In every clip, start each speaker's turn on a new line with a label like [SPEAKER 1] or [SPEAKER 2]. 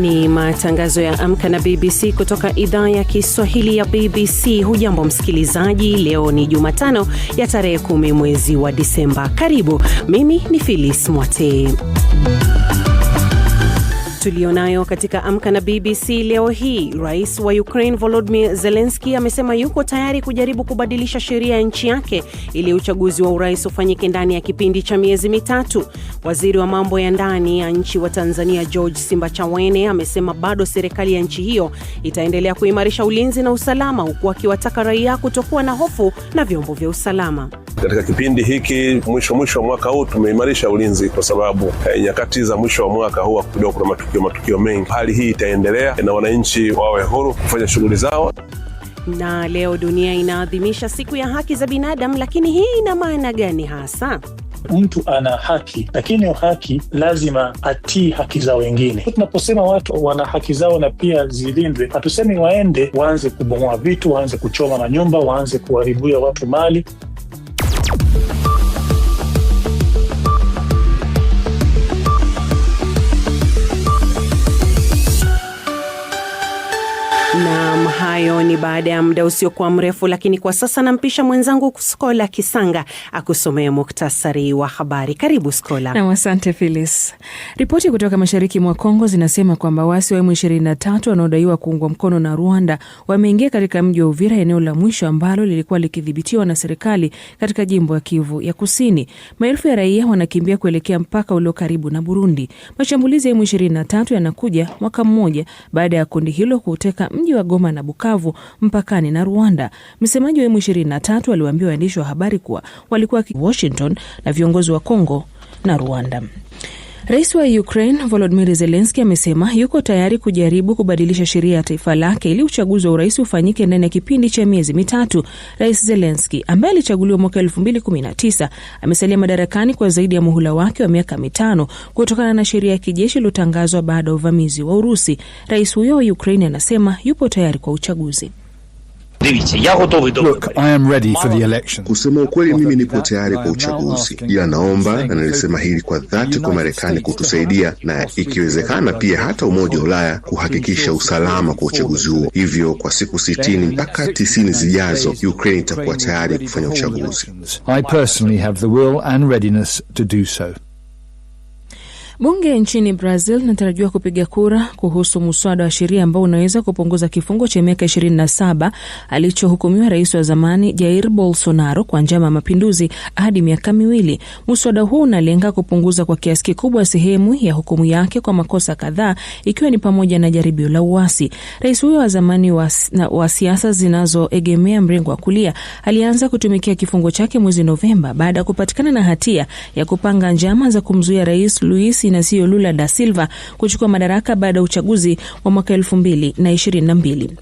[SPEAKER 1] ni matangazo ya Amka na BBC kutoka idhaa ya Kiswahili ya BBC. Hujambo msikilizaji, leo ni Jumatano ya tarehe kumi mwezi wa Disemba. Karibu, mimi ni Phyllis Mwate tuliyonayo katika Amka na BBC leo hii. Rais wa Ukraine Volodymyr Zelensky amesema yuko tayari kujaribu kubadilisha sheria ya nchi yake ili uchaguzi wa urais ufanyike ndani ya kipindi cha miezi mitatu. Waziri wa mambo ya ndani ya nchi wa Tanzania George Simbachawene amesema bado serikali ya nchi hiyo itaendelea kuimarisha ulinzi na usalama, huku akiwataka raia kutokuwa na hofu na vyombo vya usalama
[SPEAKER 2] katika kipindi hiki mwisho mwisho wa mwaka huu tumeimarisha ulinzi, kwa sababu eh, nyakati za mwisho wa mwaka huwa kidogo kuna matukio matukio mengi. Hali hii itaendelea na wananchi wawe huru kufanya shughuli zao.
[SPEAKER 1] Na leo dunia inaadhimisha siku ya haki za binadamu, lakini hii ina maana gani hasa?
[SPEAKER 3] Mtu ana haki, lakini hiyo haki lazima atii haki za wengine. Tunaposema watu wana haki zao na pia zilindwe, hatusemi waende waanze kubomoa vitu, waanze kuchoma manyumba, waanze kuharibuia watu mali.
[SPEAKER 1] Hayo ni baada ya muda usiokuwa mrefu, lakini kwa sasa nampisha mwenzangu Skola Kisanga akusomea muktasari wa habari. Karibu Skola.
[SPEAKER 4] Nam, asante Filis. Ripoti kutoka mashariki mwa Kongo zinasema kwamba waasi wa emu 23 wanaodaiwa kuungwa mkono na Rwanda wameingia katika mji wa Uvira, eneo la mwisho ambalo lilikuwa likidhibitiwa na serikali katika jimbo ya Kivu ya Kusini. Maelfu ya raia wanakimbia kuelekea mpaka ulio karibu na Burundi. Mashambulizi ya M23 yanakuja mwaka mmoja baada ya kundi hilo kuuteka mji wa Goma na Bukavu Bukavu mpakani na Rwanda. Msemaji wa M23 aliwaambia waandishi wa habari kuwa walikuwa Washington na viongozi wa Kongo na Rwanda. Rais wa Ukraine Volodymyr Zelensky amesema yuko tayari kujaribu kubadilisha sheria ya taifa lake ili uchaguzi wa urais ufanyike ndani ya kipindi cha miezi mitatu. Rais Zelensky ambaye alichaguliwa mwaka 2019 amesalia madarakani kwa zaidi ya muhula wake wa miaka mitano kutokana na sheria ya kijeshi iliyotangazwa baada ya uvamizi wa Urusi. Rais huyo wa Ukraine anasema yupo tayari kwa uchaguzi.
[SPEAKER 5] E Look, I am ready for the election.
[SPEAKER 6] Kusema ukweli, mimi nipo tayari kwa uchaguzi, ila naomba na nilisema hili kwa dhati kwa Marekani kutusaidia na ikiwezekana pia hata Umoja wa Ulaya kuhakikisha usalama kwa uchaguzi huo. Hivyo kwa siku sitini mpaka tisini zijazo Ukraine itakuwa tayari kufanya uchaguzi.
[SPEAKER 7] I personally have the will and readiness to do so.
[SPEAKER 1] Bunge nchini Brazil linatarajiwa kupiga kura kuhusu mswada wa sheria ambao unaweza kupunguza kifungo cha miaka 27 alichohukumiwa rais wa zamani Jair Bolsonaro kwa njama ya mapinduzi hadi miaka miwili. mswada huu unalenga kupunguza kwa kiasi kikubwa sehemu ya hukumu yake kwa makosa kadhaa, ikiwa ni pamoja na jaribio la uasi. Rais huyo wa zamani wa, wa siasa zinazoegemea mrengo wa kulia alianza kutumikia kifungo chake mwezi Novemba baada ya kupatikana na hatia ya kupanga njama za kumzuia rais Luis na Lula da Silva kuchukua madaraka baada ya uchaguzi wa mwaka elfu mbili na ishirini na mbili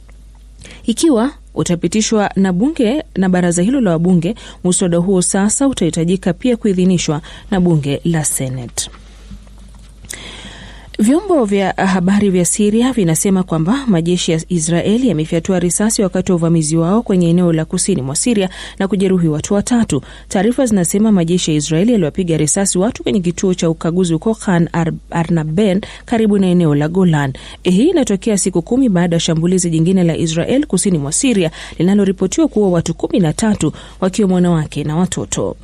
[SPEAKER 1] ikiwa utapitishwa na bunge na baraza hilo la wabunge, muswada huo sasa utahitajika pia kuidhinishwa na bunge la Senate. Vyombo vya habari vya Siria vinasema kwamba majeshi ya Israeli yamefyatua risasi wakati wa uvamizi wao kwenye eneo la kusini mwa Siria na kujeruhi watu watatu. Taarifa zinasema majeshi ya Israeli yaliwapiga risasi watu kwenye kituo cha ukaguzi huko Khan Ar Arnaben, karibu na eneo la Golan. Eh, hii inatokea siku kumi baada ya shambulizi jingine la Israel kusini mwa Siria linaloripotiwa kuua watu kumi na tatu wakiwemo wanawake na watoto.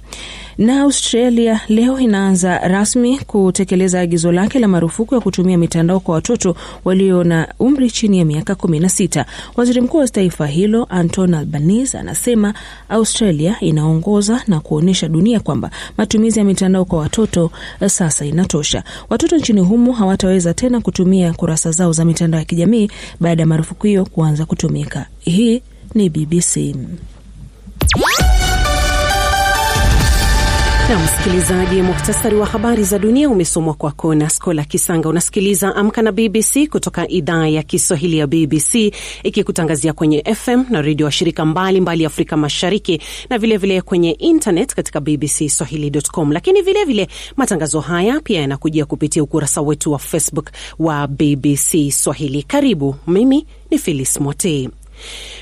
[SPEAKER 1] Na Australia leo inaanza rasmi kutekeleza agizo lake la marufuku ya kutumia mitandao kwa watoto walio na umri chini ya miaka 16. Waziri mkuu wa taifa hilo Anton albanis anasema Australia inaongoza na kuonyesha dunia kwamba matumizi ya mitandao kwa watoto eh, sasa inatosha. Watoto nchini humo hawataweza tena kutumia kurasa zao za mitandao ya kijamii baada ya marufuku hiyo kuanza kutumika. Hii ni BBC. Na msikilizaji, muhtasari wa habari za dunia umesomwa kwako na Skola Kisanga. Unasikiliza Amka na BBC kutoka idhaa ya Kiswahili ya BBC ikikutangazia kwenye FM na redio washirika mbalimbali Afrika Mashariki na vilevile vile kwenye internet katika bbc swahilicom Lakini vilevile vile matangazo haya pia yanakujia kupitia ukurasa wetu wa Facebook wa BBC Swahili. Karibu, mimi ni Filis Motei.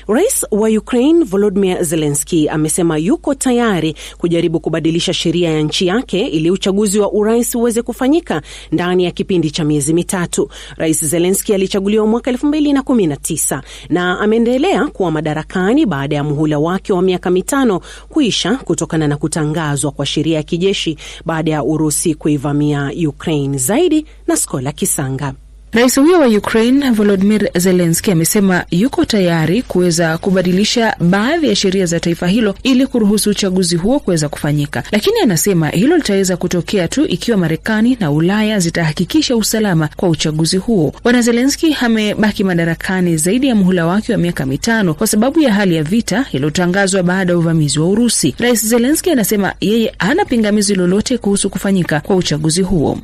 [SPEAKER 1] Rais wa Ukraine Volodymyr Zelensky amesema yuko tayari kujaribu kubadilisha sheria ya nchi yake ili uchaguzi wa urais uweze kufanyika ndani ya kipindi cha miezi mitatu. Rais Zelensky alichaguliwa mwaka 2019 na ameendelea kuwa madarakani baada ya muhula wake wa miaka mitano kuisha kutokana na kutangazwa kwa sheria ya kijeshi baada ya Urusi kuivamia Ukraine. Zaidi na Skola Kisanga. Rais huyo wa Ukraine Volodimir Zelenski amesema yuko tayari kuweza kubadilisha baadhi ya sheria za taifa hilo ili kuruhusu uchaguzi huo kuweza kufanyika, lakini anasema hilo litaweza kutokea tu ikiwa Marekani na Ulaya zitahakikisha usalama kwa uchaguzi huo. Bwana Zelenski amebaki madarakani zaidi ya muhula wake wa miaka mitano kwa sababu ya hali ya vita iliyotangazwa baada ya uvamizi wa Urusi. Rais Zelenski anasema yeye hana pingamizi lolote kuhusu kufanyika kwa uchaguzi huo.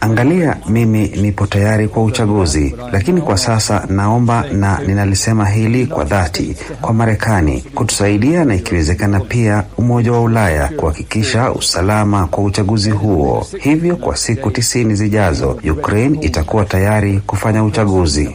[SPEAKER 8] Angalia mimi nipo tayari kwa uchaguzi, lakini kwa sasa naomba na ninalisema hili kwa dhati kwa Marekani kutusaidia na ikiwezekana pia Umoja wa Ulaya kuhakikisha usalama kwa uchaguzi huo. Hivyo kwa siku tisini zijazo Ukraine itakuwa tayari kufanya uchaguzi.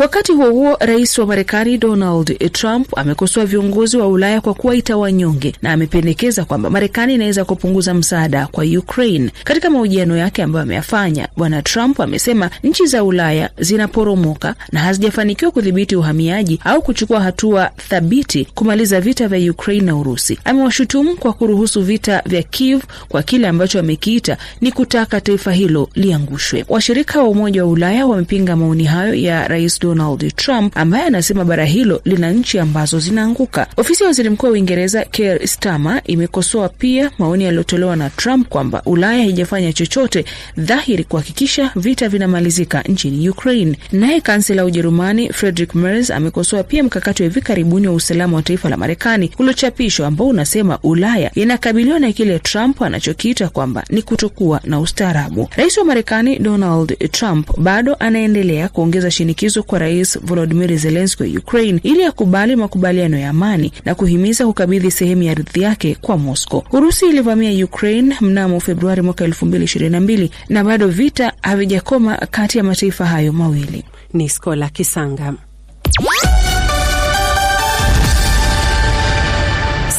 [SPEAKER 1] Wakati huo huo, rais wa Marekani Donald Trump amekosoa viongozi wa Ulaya kwa kuwaita wanyonge na amependekeza kwamba Marekani inaweza kupunguza msaada kwa Ukraine. Katika mahojiano yake ambayo ameyafanya, Bwana Trump amesema nchi za Ulaya zinaporomoka na hazijafanikiwa kudhibiti uhamiaji au kuchukua hatua thabiti kumaliza vita vya Ukraine na Urusi. Amewashutumu kwa kuruhusu vita vya Kiev kwa kile ambacho amekiita ni kutaka taifa hilo liangushwe. Washirika wa Umoja wa Ulaya wamepinga maoni hayo ya rais Donald Trump ambaye anasema bara hilo lina nchi ambazo zinaanguka. Ofisi ya waziri mkuu wa Uingereza Keir Starmer imekosoa pia maoni yaliyotolewa na Trump kwamba Ulaya haijafanya chochote dhahiri kuhakikisha vita vinamalizika nchini Ukraine. Naye kansela wa Ujerumani Friedrich Merz amekosoa pia mkakati wa hivi karibuni wa usalama wa taifa la Marekani uliochapishwa ambao unasema Ulaya inakabiliwa na kile Trump anachokiita kwamba ni kutokuwa na ustaarabu. Rais wa Marekani Donald Trump bado anaendelea kuongeza shinikizo kwa Rais volodimir Zelenski wa Ukrain ili akubali makubaliano ya amani na kuhimiza kukabidhi sehemu ya ardhi yake kwa mosco Urusi ilivamia ukrain mnamo Februari mwaka mbili na bado vita havijakoma kati ya mataifa hayo mawili. Ni Skola Kisanga.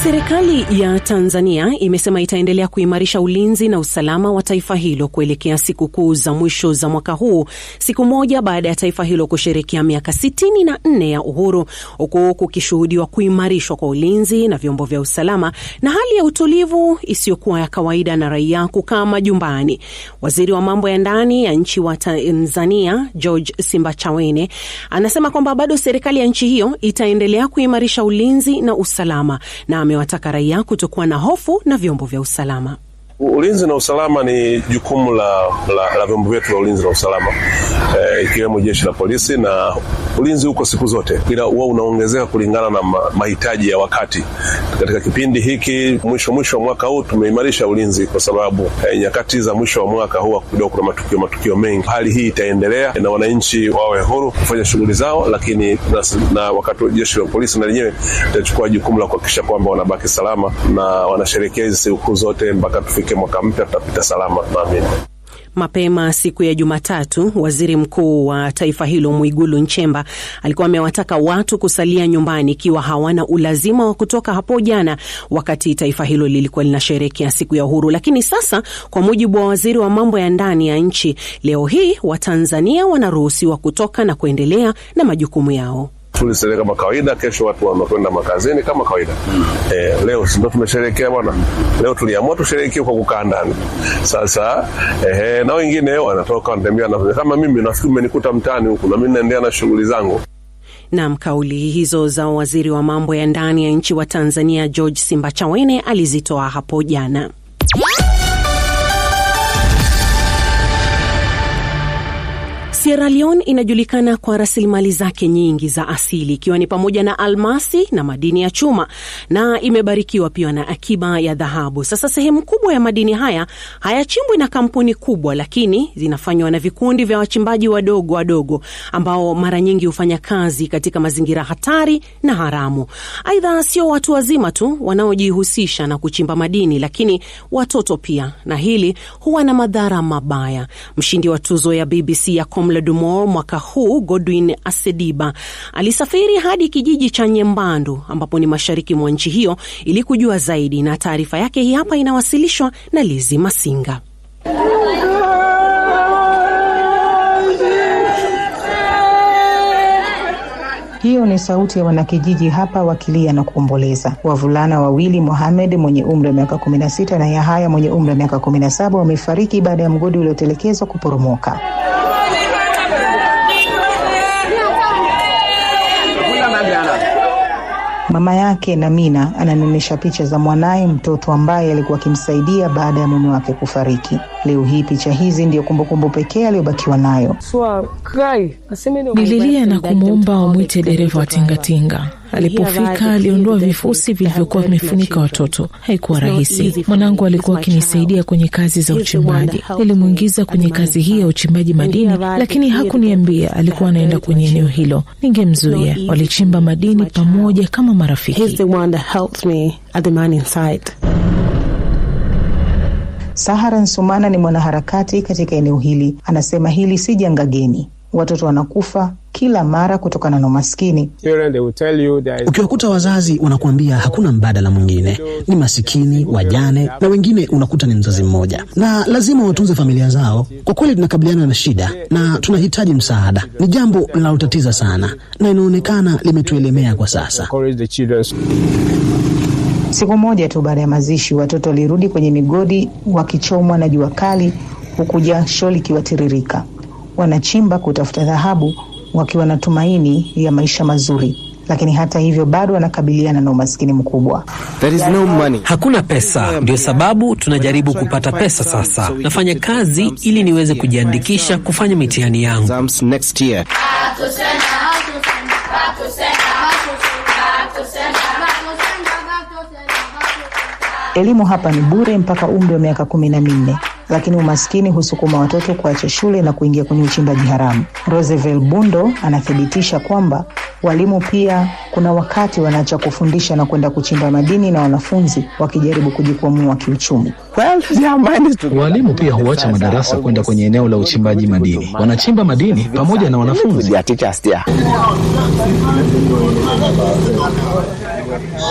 [SPEAKER 1] Serikali ya Tanzania imesema itaendelea kuimarisha ulinzi na usalama wa taifa hilo kuelekea sikukuu za mwisho za mwaka huu, siku moja baada ya taifa hilo kusherekea miaka 64 ya uhuru, huku kukishuhudiwa kuimarishwa kwa ulinzi na vyombo vya usalama na hali ya utulivu isiyokuwa ya kawaida na raia kukaa majumbani. Waziri wa mambo ya ndani ya nchi wa Tanzania George Simbachawene anasema kwamba bado serikali ya nchi hiyo itaendelea kuimarisha ulinzi na usalama na amewataka raia kutokuwa na hofu na vyombo vya usalama.
[SPEAKER 9] Ulinzi na usalama ni jukumu la, la, la vyombo vyetu vya ulinzi na usalama e, ikiwemo jeshi la polisi, na ulinzi uko siku zote, ila huwa unaongezeka kulingana na mahitaji ya wakati. Katika kipindi hiki mwisho mwisho wa mwaka huu tumeimarisha ulinzi kwa sababu e, nyakati za mwisho wa mwaka huwa kidogo kuna matukio matukio mengi. Hali hii itaendelea na wananchi wawe huru kufanya shughuli zao, lakini na, na wakati jeshi la polisi na lenyewe litachukua jukumu la kuhakikisha kwamba wanabaki salama na wanasherekea hizi sikukuu zote mpaka tufike tuvuke mwaka mpya, tutapita salama, tunaamini.
[SPEAKER 1] Mapema siku ya Jumatatu, waziri mkuu wa taifa hilo Mwigulu Nchemba alikuwa amewataka watu kusalia nyumbani ikiwa hawana ulazima wa kutoka hapo jana, wakati taifa hilo lilikuwa linasherehekea siku ya uhuru. Lakini sasa, kwa mujibu wa waziri wa mambo ya ndani ya nchi, leo hii Watanzania wanaruhusiwa kutoka na kuendelea na majukumu yao.
[SPEAKER 10] Shule kama kawaida, kesho watu wanakwenda makazini kama kawaida. Mm. Eh, leo ndo bwana. Leo tuliamua tusherekee kwa kukaa ndani. Sasa eh, na wengine wanatoka wanatembea na kama mimi nafikiri umenikuta mtaani huku na mimi naendelea na shughuli zangu.
[SPEAKER 1] Nam, kauli hizo za waziri wa mambo ya ndani ya nchi wa Tanzania George Simbachawene alizitoa hapo jana. Sierra Leone inajulikana kwa rasilimali zake nyingi za asili ikiwa ni pamoja na almasi na madini ya chuma na imebarikiwa pia na akiba ya dhahabu. Sasa sehemu kubwa ya madini haya hayachimbwi na kampuni kubwa, lakini zinafanywa na vikundi vya wachimbaji wadogo wadogo ambao mara nyingi hufanya kazi katika mazingira hatari na haramu. Aidha, sio watu wazima tu wanaojihusisha na kuchimba madini, lakini watoto pia, na hili huwa na madhara mabaya. Mshindi wa tuzo ya BBC ya Komla Bagadumo mwaka huu, Godwin Asediba alisafiri hadi kijiji cha Nyembandu ambapo ni mashariki mwa nchi hiyo ili kujua zaidi, na taarifa yake hii hapa inawasilishwa na Lizi Masinga. Hiyo ni sauti ya wanakijiji hapa wakilia na kuomboleza. Wavulana wawili Mohamed mwenye umri wa miaka 16 na Yahaya mwenye umri wa miaka 17 wamefariki baada ya mgodi uliotelekezwa kuporomoka. Mama yake Namina ananionyesha picha za mwanaye mtoto ambaye alikuwa akimsaidia baada ya mume wake kufariki. Leo hii picha hizi ndiyo kumbukumbu pekee aliyobakiwa nayo.
[SPEAKER 11] Nililia na kumwomba amwite dereva wa tingatinga Alipofika aliondoa vifusi vilivyokuwa vimefunika watoto. Haikuwa rahisi. Mwanangu alikuwa akinisaidia kwenye kazi za uchimbaji. Nilimwingiza kwenye kazi hii ya uchimbaji madini, lakini hakuniambia alikuwa anaenda kwenye eneo hilo. Ningemzuia. Walichimba madini pamoja kama marafiki. Sahara Nsumana ni mwanaharakati katika eneo hili. Anasema hili si janga geni, watoto wanakufa kila mara kutokana na umaskini.
[SPEAKER 12] Ukiwakuta wazazi wanakuambia hakuna mbadala mwingine, ni masikini, wajane, na wengine unakuta ni mzazi mmoja, na lazima watunze familia zao. Kwa kweli tunakabiliana na shida na tunahitaji msaada, ni jambo linalotatiza sana na inaonekana limetuelemea kwa sasa. Siku moja tu baada ya mazishi, watoto walirudi kwenye migodi wakichomwa na jua kali, huku jasho likiwatiririka. Wanachimba kutafuta dhahabu wakiwa na tumaini ya maisha mazuri, lakini hata hivyo bado wanakabiliana na umaskini mkubwa. There is no money. Hakuna pesa, ndio sababu tunajaribu kupata pesa sasa. Nafanya kazi ili niweze kujiandikisha kufanya mitihani yangu. Elimu hapa ni bure mpaka umri wa miaka kumi na minne, lakini umaskini husukuma watoto kuacha shule na kuingia kwenye uchimbaji haramu. Roosevelt Bundo anathibitisha kwamba walimu pia kuna wakati wanaacha kufundisha na kwenda kuchimba madini na wanafunzi wakijaribu kujikwamua kiuchumi. walimu pia huacha madarasa kwenda kwenye eneo la uchimbaji madini, wanachimba madini pamoja na wanafunzi.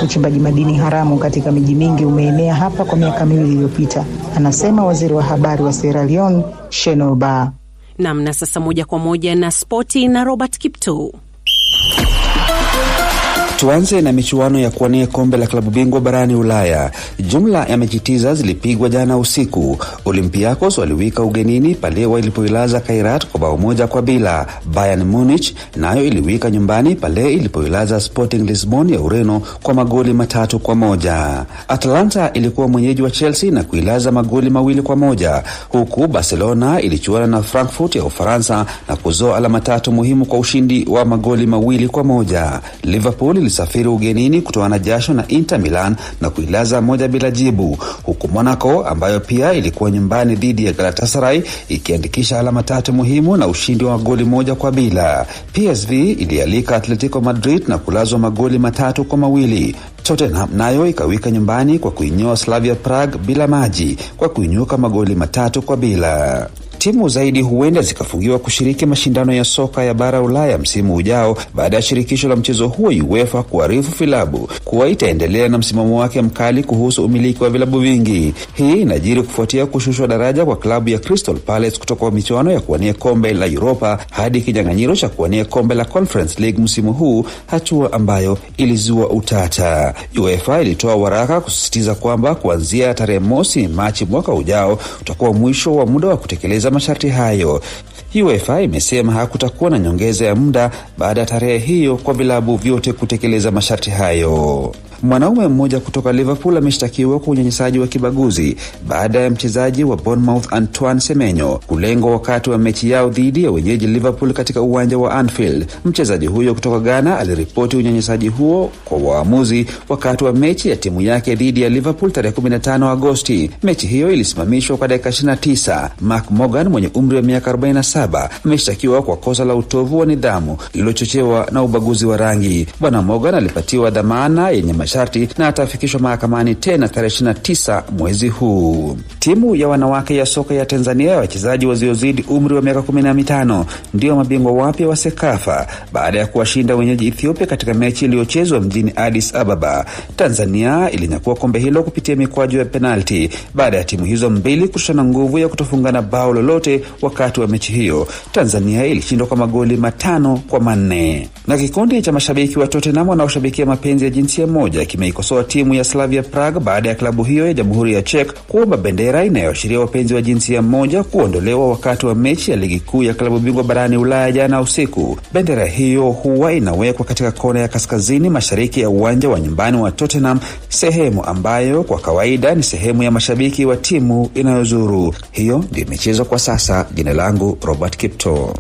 [SPEAKER 12] Uchimbaji madini haramu katika miji mingi umeenea hapa kwa miaka miwili iliyopita, anasema waziri wa habari wa Sierra Leone Shenoba. namna sasa moja kwa moja na spoti na Robert Kipto. Tuanze na michuano ya kuwania kombe la klabu bingwa barani Ulaya. Jumla ya mechi tisa zilipigwa jana usiku. Olympiacos waliwika ugenini pale ilipoilaza Kairat kwa bao moja kwa bila. Bayern Munich nayo iliwika nyumbani pale ilipoilaza Sporting Lisbon ya Ureno kwa magoli matatu kwa moja. atlanta ilikuwa mwenyeji wa Chelsea na kuilaza magoli mawili kwa moja, huku Barcelona ilichuana na Frankfurt ya Ufaransa na kuzoa alama tatu muhimu kwa ushindi wa magoli mawili kwa moja. Liverpool ulisafiri ugenini kutoana jasho na Inter Milan na kuilaza moja bila jibu, huku Monaco ambayo pia ilikuwa nyumbani dhidi ya galatasarai ikiandikisha alama tatu muhimu na ushindi wa magoli moja kwa bila. PSV ilialika Atletico Madrid na kulazwa magoli matatu kwa mawili. Tottenham nayo ikawika nyumbani kwa kuinyoa Slavia Prague bila maji kwa kuinyuka magoli matatu kwa bila. Timu zaidi huenda zikafungiwa kushiriki mashindano ya soka ya bara Ulaya msimu ujao baada ya shirikisho la mchezo huo UEFA kuarifu vilabu kuwa itaendelea na msimamo wake mkali kuhusu umiliki wa vilabu vingi. Hii inajiri kufuatia kushushwa daraja kwa klabu ya Crystal Palace kutoka michuano ya kuwania kombe la Europa hadi kinyang'anyiro cha kuwania kombe la Conference League msimu huu, hatua ambayo ilizua utata. UEFA ilitoa waraka kusisitiza kwamba kuanzia tarehe mosi Machi mwaka ujao utakuwa mwisho wa muda wa kutekeleza kutekeleza masharti hayo. UEFA imesema hakutakuwa na nyongeza ya muda baada ya tarehe hiyo kwa vilabu vyote kutekeleza masharti hayo. Mwanaume mmoja kutoka Liverpool ameshtakiwa kwa unyanyasaji wa kibaguzi baada ya mchezaji wa Bournemouth Antoine Semenyo kulengwa wakati wa mechi yao dhidi ya wenyeji Liverpool katika uwanja wa Anfield. Mchezaji huyo kutoka Ghana aliripoti unyanyasaji huo kwa waamuzi wakati wa mechi ya timu yake dhidi ya Liverpool tarehe 15 Agosti. Mechi hiyo ilisimamishwa kwa dakika 29. Mark Morgan mwenye umri wa miaka 47 ameshtakiwa kwa kosa la utovu wa nidhamu lililochochewa na ubaguzi wa rangi. Bwana Morgan alipatiwa dhamana yenye masharti na atafikishwa mahakamani tena tarehe 29 mwezi huu. Timu ya wanawake ya soka ya Tanzania ya wachezaji waziozidi umri wa miaka mitano ndio mabingwa wapya wa SEKAFA baada ya kuwashinda wenyeji Ethiopia katika mechi iliyochezwa mjini Addis Ababa. Tanzania ilinyakua kombe hilo kupitia mikwaju ya penalti baada ya timu hizo mbili kushana nguvu ya kutofungana bao lolote wakati wa mechi hiyo. Tanzania ilishindwa kwa magoli matano kwa manne. Na kikundi cha mashabiki wa Tottenham wanaoshabikia mapenzi ya jinsia moja Aidha, kimeikosoa timu ya Slavia Prague baada ya klabu hiyo ya Jamhuri ya Czech kuomba bendera inayoashiria wapenzi wa jinsia moja kuondolewa wakati wa mechi ya ligi kuu ya klabu bingwa barani Ulaya jana usiku. Bendera hiyo huwa inawekwa katika kona ya kaskazini mashariki ya uwanja wa nyumbani wa Tottenham, sehemu ambayo kwa kawaida ni sehemu ya mashabiki wa timu inayozuru. Hiyo ndio michezo kwa sasa. Jina langu Robert Kipto.